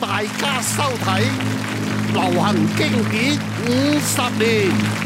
大家收睇流行經典五十年。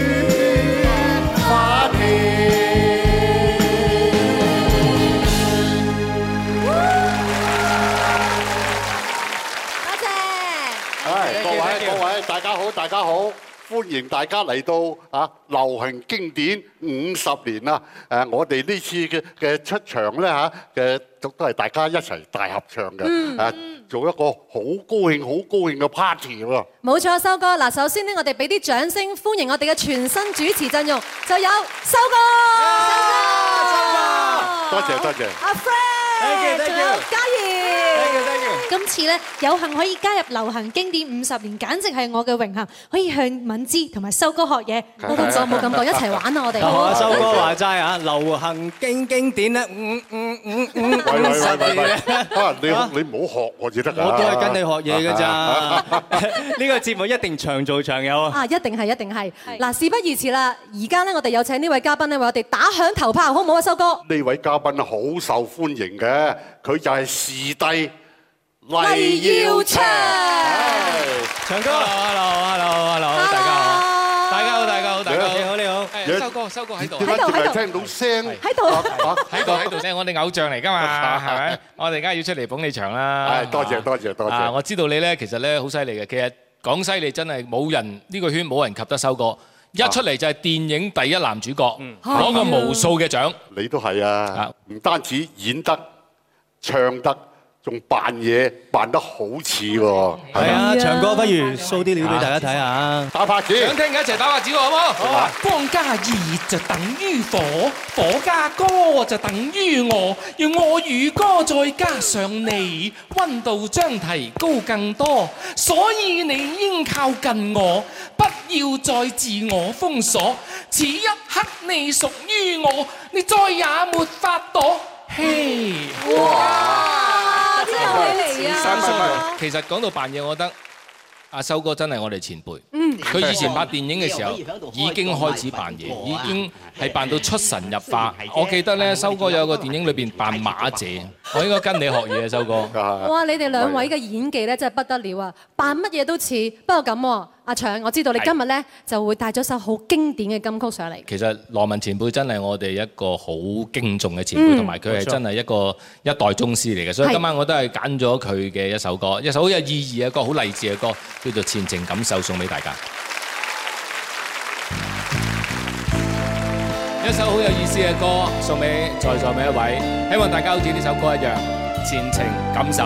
歡迎大家嚟到啊！流行經典五十年啦！誒，我哋呢次嘅嘅出場咧嚇嘅，都係大家一齊大合唱嘅，誒，做一個好高興、好高興嘅 party 喎。冇錯，修哥，嗱，首先咧，我哋俾啲掌聲歡迎我哋嘅全新主持陣容，就有修哥，修哥，修哥，多謝多謝，阿 friend，thank you，thank you。今次呢有幸可以加入流行經典五十年，簡直係我嘅榮幸，可以向敏芝同埋修哥學嘢，冇感覺，冇感覺，一齊玩啊我哋！好啊，修哥話齋啊，流行經典咧五五五五十年。你你唔好學我先得。我都係跟你學嘢㗎咋？呢個節目一定長做長有啊！一定係，一定係。嗱，事不宜遲啦，而家呢，我哋有請呢位嘉賓咧為我哋打響頭炮，好唔好啊？修哥？呢位嘉賓好受歡迎嘅，佢就係時帝。黎耀祥，唱歌，hello，hello，hello，大家好，大家好，大家好，你好，你好，修哥，修哥喺度，喺度喺度，聽唔到聲，喺度，喺度，你係我哋偶像嚟㗎嘛，係咪？我哋而家要出嚟捧你場啦，係，多謝，多謝，多謝。我知道你咧，其實咧好犀利嘅，其實講犀利真係冇人呢個圈冇人及得修哥，一出嚟就係電影第一男主角，攞個無數嘅獎，你都係啊，唔單止演得，唱得。仲扮嘢，扮得好似喎。係吧吧啊，長哥，不如 show 啲料俾大家睇下。打拍子，想聽嘅一齊打拍子，好唔好吧？風加吧熱就等於火，火加歌就等於我。用我與歌再加上你，溫度將提高更多。所以你應靠近我，不要再自我封鎖。此一刻你屬於我，你再也沒法躲。嘿、嗯！哇！真係啊！其實講到扮嘢，我覺得阿修哥真係我哋前輩。嗯，佢以前拍電影嘅時候已經開始扮嘢，已經係扮到出神入化。的我記得呢，修哥有一個電影裏邊扮馬姐，我應該跟你學嘢啊，修哥。哇！你哋兩位嘅演技咧真係不得了啊，扮乜嘢都似，不過咁喎。阿祥，我知道你今日呢是就會帶咗首好經典嘅金曲上嚟。其實羅文前輩真係我哋一個好敬重嘅前輩，同埋佢係真係一個一代宗師嚟嘅，所以今晚我都係揀咗佢嘅一首歌，一首好有意義嘅歌，好勵志嘅歌，叫做《前程感受》送俾大家。一首好有意思嘅歌送俾在座每一位，希望大家好似呢首歌一樣，前程感受。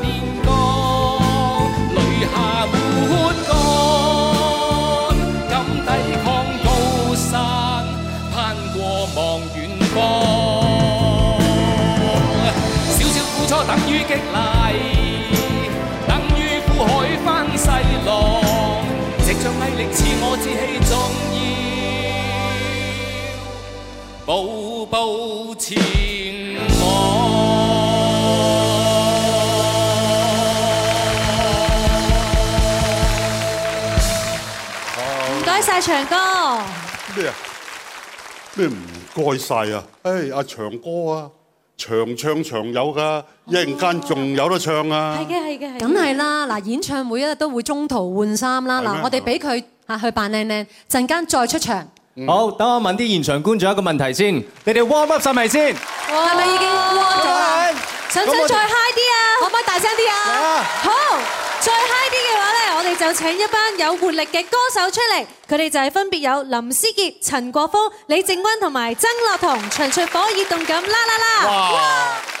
唔該曬長哥。咩啊？咩唔該曬啊？哎，阿長哥啊，長唱長有噶，一陣間仲有得唱啊！係嘅，係嘅，係。梗係啦，嗱，演唱會咧都會中途換衫啦。嗱，我哋俾佢嚇去扮靚靚，陣間再出場。好，等我問啲現場觀眾一個問題先，你哋 warm up 晒咪先？係咪已經 w 嗎嗎想唔想再 high 啲啊？可唔可以大聲啲啊？哇好，再 high 啲嘅話咧，我哋就請一班有活力嘅歌手出嚟，佢哋就係分別有林師傑、陳國峰、李靖筠同埋曾樂彤、陳卓火熱動感啦啦啦！哇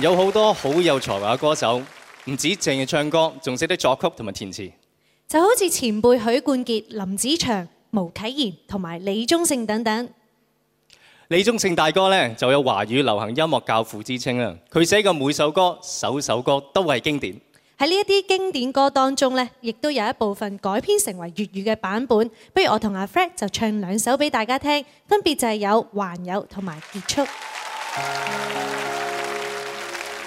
有好多好有才華嘅歌手，唔止淨係唱歌，仲識得作曲同埋填詞。就好似前輩許冠傑、林子祥、毛啟賢同埋李宗盛等等。李宗盛大哥呢，就有華語流行音樂教父之稱啦。佢寫嘅每首歌，首首歌都係經典。喺呢一啲經典歌當中呢，亦都有一部分改編成為粵語嘅版本。不如我同阿 Fred 就唱兩首俾大家聽，分別就係有還有同埋結束。Uh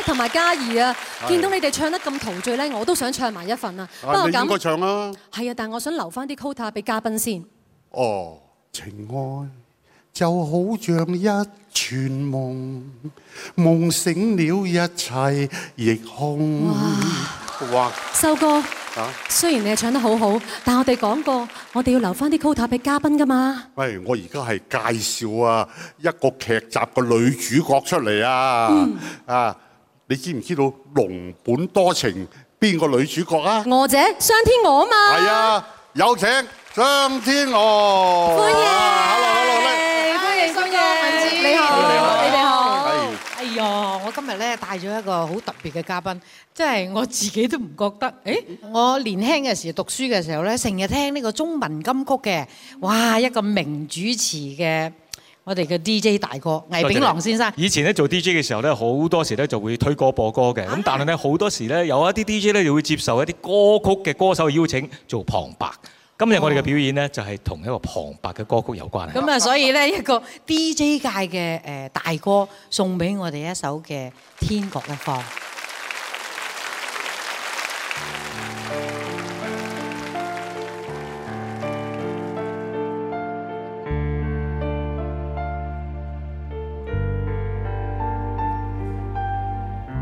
同埋嘉儀啊，是見到你哋唱得咁陶醉咧，我都想唱埋一份啊！不過咁，你唔該唱啦。係啊，但係我想留翻啲 quota 俾嘉賓先。哦，情愛就好像一串夢，夢醒了一切亦空。哇！哇修哥啊，雖然你係唱得好好，但我哋講過，我哋要留翻啲 quota 俾嘉賓㗎嘛。喂，我而家係介紹啊一個劇集個女主角出嚟啊，啊、嗯！你知唔知道《龍本多情》邊個女主角啊？我姐商天娥啊嘛。係啊，有請商天娥。歡迎，歡迎，歡迎，歡迎，你好，你好，你好。哎呀，我今日咧帶咗一個好特別嘅嘉賓，即係我自己都唔覺得。誒，我年輕嘅時讀書嘅時候咧，成日聽呢個中文金曲嘅，哇，一個名主持嘅。我哋嘅 DJ 大哥倪秉郎先生，謝謝。以前咧做 DJ 嘅時候咧，好多時咧就會推歌播歌嘅。咁但係咧好多時咧有一啲 DJ 咧就會接受一啲歌曲嘅歌手嘅邀請，做旁白。今日我哋嘅表演咧就係同一個旁白嘅歌曲有關啊。咁啊、哦，所以咧一個 DJ 界嘅誒大哥送俾我哋一首嘅《天各一方》。嗯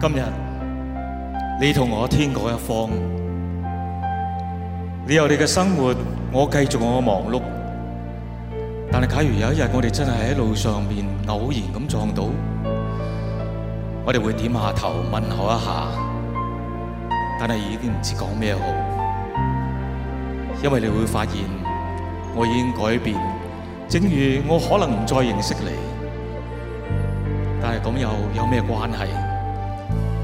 今日你同我天各一方，你有你嘅生活，我繼續我嘅忙碌。但係假如有一日我哋真係喺路上面偶然咁撞到，我哋會點下頭問候一下，但係已經唔知講咩好，因為你會發現我已經改變，正如我可能唔再認識你，但係咁又有咩關係？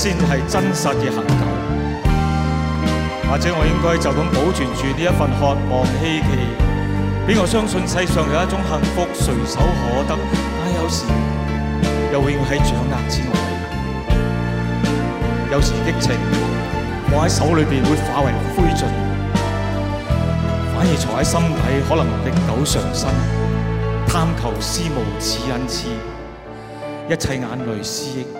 先係真實嘅恒久，或者我應該就咁保存住呢一份渴望希冀，俾我相信世上有一種幸福隨手可得，但有時又永喺掌握之外。有時激情放喺手裏邊會化為灰燼，反而藏喺心底可能歷久常新。貪求思無止恩、痴，一切眼淚思憶。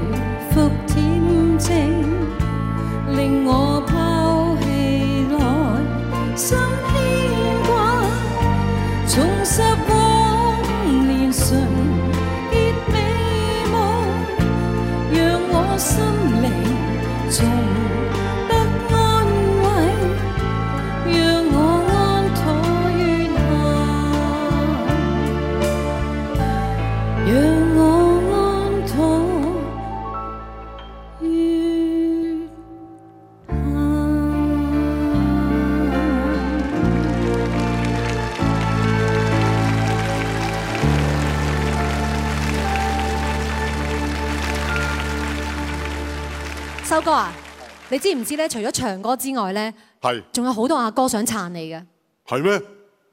修哥啊！你知唔知咧？除咗唱歌之外咧，係仲有好多阿哥想撐你嘅。係咩？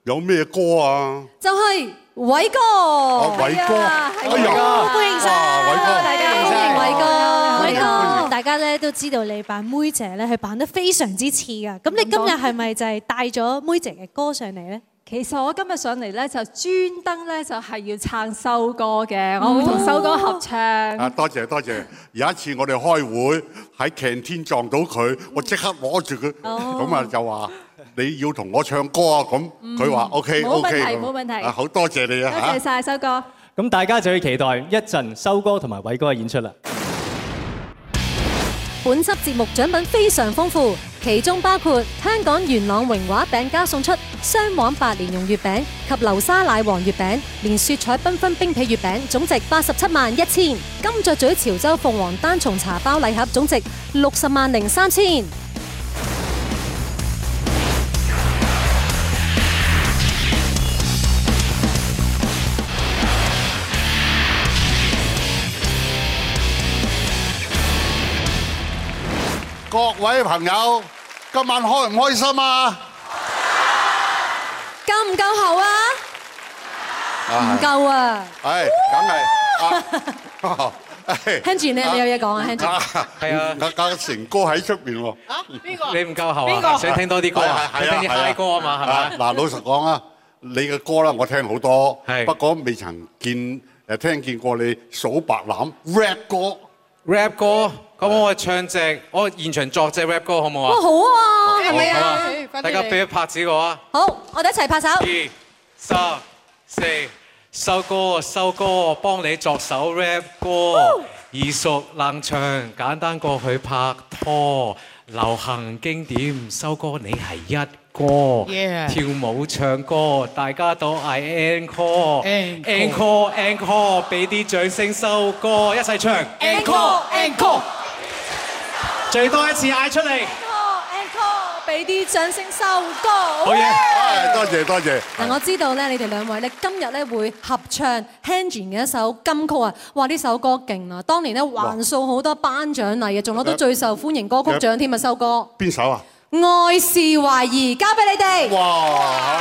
有咩歌啊？就係偉哥。哦，偉哥，哎呀，歡迎曬偉哥，大家歡迎偉哥，偉哥。大家咧都知道你扮妹姐咧係扮得非常之似㗎。咁你今日係咪就係帶咗妹姐嘅歌上嚟咧？其實我今日上嚟咧就專登咧就係要撐修哥嘅，我會同修哥合唱。啊多謝多謝！有一次我哋開會喺 canteen 撞到佢，我即刻攞住佢，咁啊就話你要同我唱歌啊咁，佢話 OK OK，冇問題，啊好多謝你啊嚇！多謝曬修哥。咁大家就要期待一陣修哥同埋偉哥嘅演出啦。本輯節目獎品非常豐富。其中包括香港元朗榮華餅家送出雙黃白蓮蓉月餅及流沙奶黃月餅，連雪彩繽紛冰皮月餅，總值八十七萬一千；金雀咀潮州鳳凰單叢茶包禮盒總值六十萬零三千。各位朋友，今晚開唔開心啊？夠唔夠喉啊？唔夠啊！係，梗係。聽住咧，有嘢講啊！聽住。係啊，阿阿成哥喺出邊喎？邊個？你唔夠喉啊？想聽多啲歌，聽啲嗨歌啊嘛，係咪啊？嗱，老實講啊，你嘅歌啦，我聽好多，不過未曾見誒聽見過你數白欖 rap 歌，rap 歌。咁我唱隻，我現場作隻 rap 歌好唔好啊？好啊，係咪好啊？乖乖大家俾一拍子我啊！好，我哋一齊拍手。二、三、四，收歌，收歌，幫你作首 rap 歌。易、哦、熟難唱，簡單過去拍拖，流行經典，收歌你係一哥。Yeah. 跳舞唱歌，大家都嗌 encore，encore，encore，俾啲掌聲收歌，一齊唱。encore，encore en。最多一次嗌出嚟，好，encore, encore, 俾啲掌聲收歌。好嘢，多謝多謝。嗱，對 我知道咧，你哋兩位咧今日咧會合唱 Hanjin 嘅一首金曲啊，哇！呢首歌勁啊，當年咧橫掃好多頒獎禮嘅，仲攞到最受歡迎歌曲獎添啊，收歌。邊首啊？愛是懷疑，交俾你哋。哇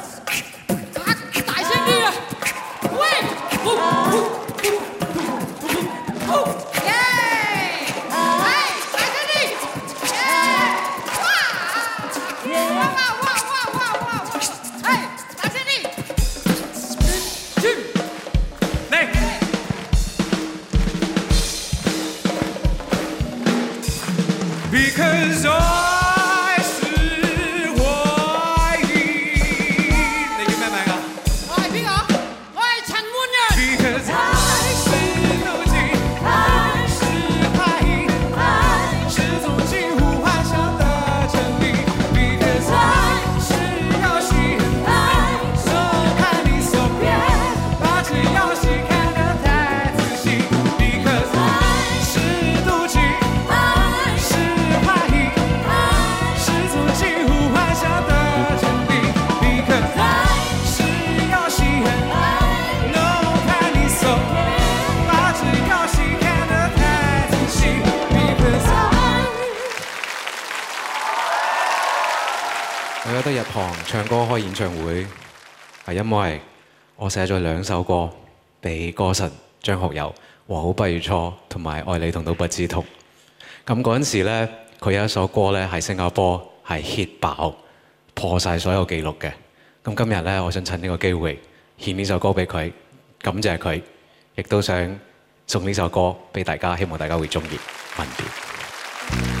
唱歌開演唱會係因為我寫咗兩首歌俾歌神張學友，《和好不如初》同埋《愛你痛到不知痛》。咁嗰陣時呢，佢有一首歌呢，喺新加坡係 hit 爆，破晒所有記錄嘅。咁今日呢，我想趁呢個機會獻呢首歌俾佢，感謝佢，亦都想送呢首歌俾大家，希望大家會鍾意。吻別。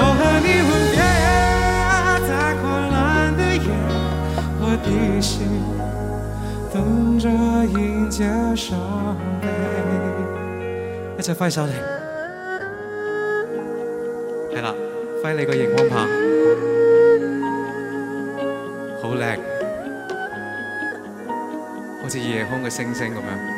我和你吻別在狂亂的夜，我的心等著迎接傷悲。一起揮手嚟，係啦，揮你個熒光棒，好靚，好似夜空嘅星星咁樣。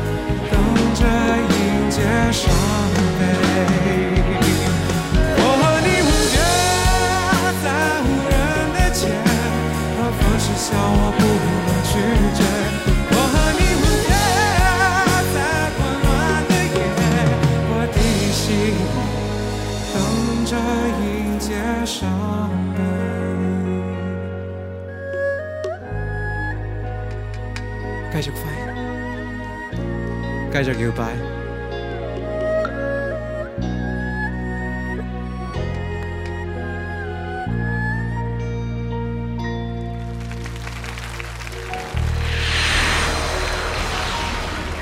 繼續搖擺，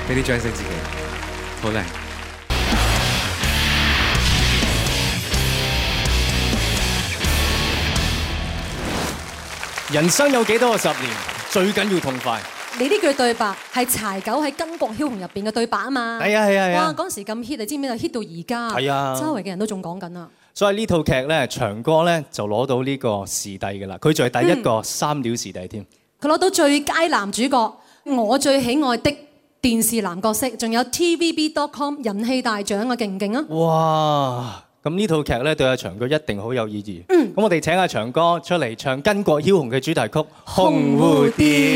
俾啲掌聲自己，好咧！人生有幾多個十年？最緊要痛快。你呢句對白係柴九喺《巾幗梟雄》入邊嘅對白啊嘛！係啊係啊！哎、呀哇，嗰陣時咁 hit，你知唔知啊？hit 到而家啊！係啊、哎呀！周圍嘅人都仲講緊啊！所以呢套劇咧，長哥咧就攞到呢個視帝嘅啦，佢就係第一個三料視帝添。佢攞、嗯、到最佳男主角，我最喜愛的電視男角色，仲有 TVB dot com 人氣大獎嘅勁唔勁啊？哇！咁呢套劇咧對阿長哥一定好有意義。嗯。咁我哋請阿長哥出嚟唱《巾幗梟雄》嘅主題曲《紅蝴蝶》。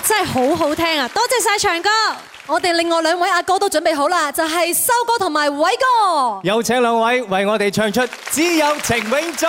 真係好好聽啊！多謝晒長哥，我哋另外兩位阿哥，哥都準備好啦，就係修哥同埋偉哥。有請兩位為我哋唱出《只有情永在》。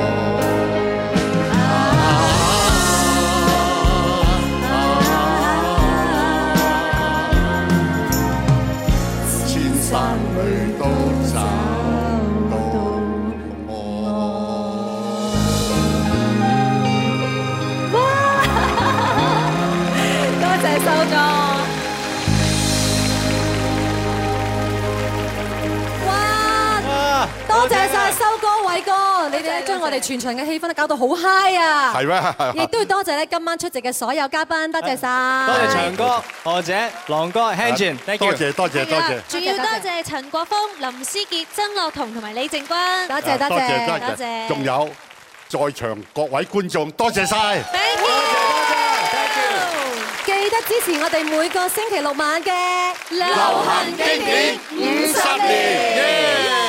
多謝曬修哥、偉哥，你哋咧將我哋全場嘅氣氛咧搞到好 high 啊！係咩？亦都要多謝咧今晚出席嘅所有嘉賓，多謝曬。多謝祥哥、娥姐、郎哥、Hanjin，多謝多謝多謝。仲要多謝陳國峰、林師傑、曾樂彤同埋李靖筠，多謝多謝多謝。仲有在場各位觀眾，多謝曬。多謝多謝。記得支持我哋每個星期六晚嘅流行經典五十年。